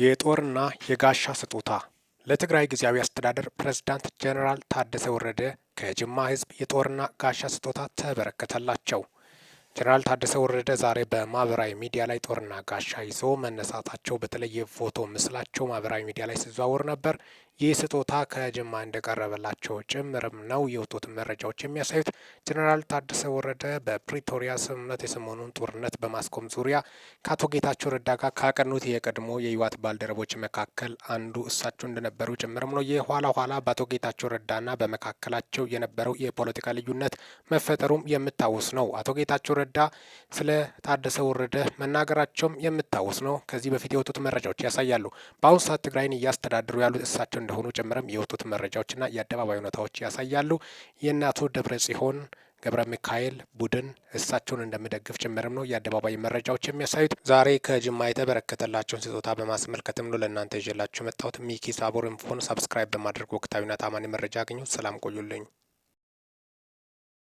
የጦርና የጋሻ ስጦታ ለትግራይ ጊዜያዊ አስተዳደር ፕሬዝዳንት ጄኔራል ታደሰ ወረደ ከጅማ ህዝብ የጦርና ጋሻ ስጦታ ተበረከተላቸው። ጀነራል ታደሰ ወረደ ዛሬ በማህበራዊ ሚዲያ ላይ ጦርና ጋሻ ይዞ መነሳታቸው በተለየ ፎቶ ምስላቸው ማህበራዊ ሚዲያ ላይ ሲዘዋወር ነበር። ይህ ስጦታ ከጅማ እንደቀረበላቸው ጭምርም ነው የወጡት መረጃዎች የሚያሳዩት። ጀነራል ታደሰ ወረደ በፕሪቶሪያ ስምምነት የሰሞኑን ጦርነት በማስቆም ዙሪያ ከአቶ ጌታቸው ረዳ ጋር ካቀኑት የቀድሞ የህወሓት ባልደረቦች መካከል አንዱ እሳቸው እንደነበሩ ጭምርም ነው። የኋላ ኋላ በአቶ ጌታቸው ረዳና በመካከላቸው የነበረው የፖለቲካ ልዩነት መፈጠሩም የምታወስ ነው። አቶ ጌታቸው ረዳ ስለ ታደሰ ወረደ መናገራቸውም የምታወስ ነው። ከዚህ በፊት የወጡት መረጃዎች ያሳያሉ። በአሁኑ ሰዓት ትግራይን እያስተዳድሩ ያሉት እሳቸው እንደሆኑ ጭምርም የወጡት መረጃዎችና የአደባባይ ሁኔታዎች ያሳያሉ። የእነ አቶ ደብረ ጽዮን ገብረ ሚካኤል ቡድን እሳቸውን እንደምደግፍ ጭምርም ነው የአደባባይ መረጃዎች የሚያሳዩት። ዛሬ ከጅማ የተበረከተላቸውን ስጦታ በማስመልከትም ነው ለእናንተ ይዤላችሁ መጣሁት። ሚኪ ሳቦር ኢንፎን። ሰብስክራይብ በማድረግ ወቅታዊና ታማኒ መረጃ አግኙ። ሰላም ቆዩልኝ።